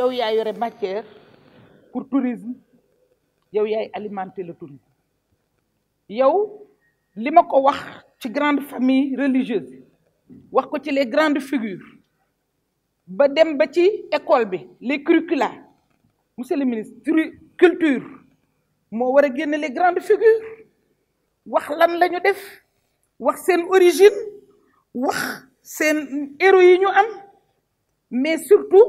yow yaa yore matière pour tourisme yow yaay alimenter le tourisme yow li ko wax ci grande famille religieuse wax ko ci les grandes figures ba dem ba ci école bi les curricula monsieur le ministre culture mo wara guen les grandes figures wax lan lañu def wax sen origine wax sen héros yi ñu am mais surtout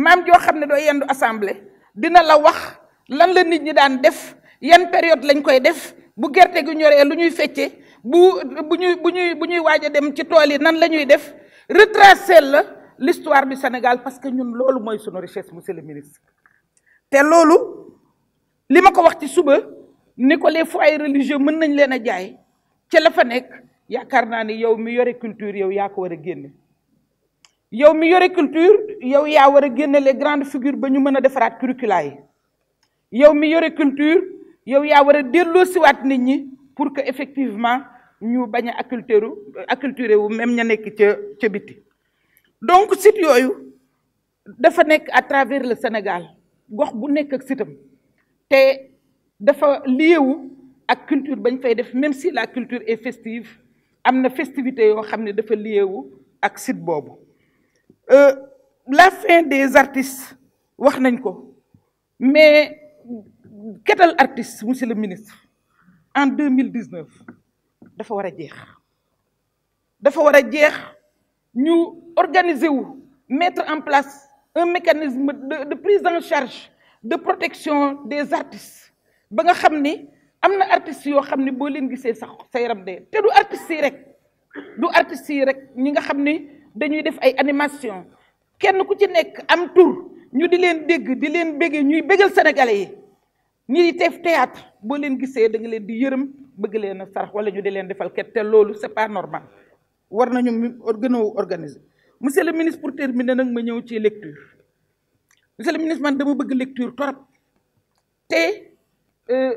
maam joo xam ne doo yendu assemblée dina la wax lan la nit ñi daan def yan période lañ koy def bu gerte gi ñoree lu ñuy fecce bu bu ñuy bu ñuy bu ñuy waaj a dem ci tool yi nan la ñuy def retracer la l'histoire bi Sénégal parce que ñun loolu mooy sunu richesse monsieur le ministre. te loolu li ma ko wax ci suba ni ko les foyers religieux mën nañ leen a jaay ci la fa nekk yaakaar naa ni yow mi yore culture yow yaa ko war a génne. yow mi yore culture yow ya wara a génne les grandes figures ba ñu mëna a defaraat curricula yi yow mi yore culture yow yaa war a delloosiwaat nit ñi pour que effectivement ñu baña acculturer acculturer wu même ña nekk ci ca biti donc site yoyu dafa nekk à travers le Sénégal gox bu nekk ak sitam té dafa wu ak culture bañ fay def même si la culture est festive amna na festivité yoo xam lié dafa liewu ak site bobu euh, la fin des artistes wax nañ ko mais ketal artiste monsieur le ministre en 2019, dafa wara jeex dafa wara jeex ñu organiser wu mettre en place un mécanisme de prise en charge de protection des artistes ba nga xamni amna artistes yoo xam ni boo leen gisee sax sa yaram du artistes rek du artistes rek ñi nga dañuy def ay animation kenn ku ci nekk am tur ñu di leen dégg di leen béggee ñuy bégal sénégalais yi ñi di def théâtre boo leen gisee da nga leen di yërëm bëgg leen a sarax wala ñu di leen defal ket loolu c'est pas normal war na ñu a organiser monsieur le ministre pour terminer nag ma ñëw ci lecture monsieur le ministre man dama bëgg lecture torop te euh,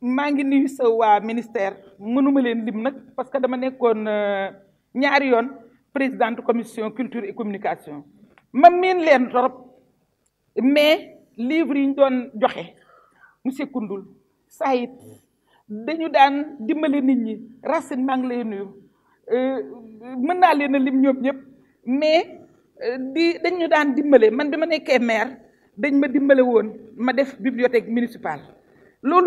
maa ngi nuyu sa waa ministère mënuma leen lim nag parce que dama nekkoon euh, ñaari yoon présidente commission culture et communication Je le mais livre monsieur Koundoul Saïd dañu daan nit euh, mais euh, di dañu maire dañ ma bibliothèque municipale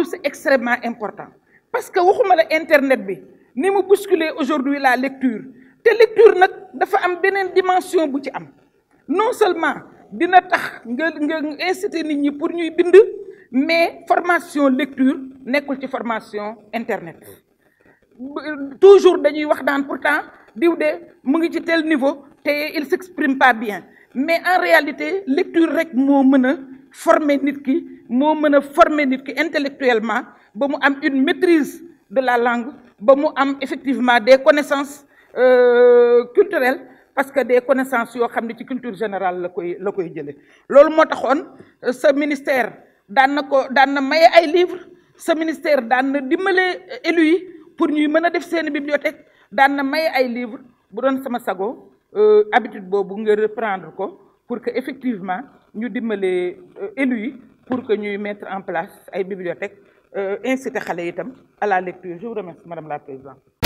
c'est extrêmement important parce que waxuma la internet bousculer aujourd'hui la lecture te lecture nak dafa am benen dimension bu ci am non seulement dina tax nga nga inciter nit ñi pour ñuy bind mais formation lecture nekul ci formation internet toujours dañuy wax daan pourtant diw de mu ngi ci tel niveau té il s'exprime pas bien mais en réalité lecture rek mo mën former nit ki mo mën former nit ki intellectuellement ba mu am une maîtrise de la langue ba mu am effectivement des connaissances euh, culturel parce que des connaissances yo xamné ci culture générale la koy la koy jëlé loolu mo taxone euh, ce ministère daan ko daan na maye ay livres ce ministère daan dimbalé dimbale euh, élus yi pour ñuy mëna def seeni bibliothèque daan na maye ay livres bu doon sama sago habitude bobu nga reprendre ko pour que effectivement ñu dimbalé élus yi pour que ñuy mettre en place ay euh, inciter xalé itam à la lecture je vous remercie madame la présidente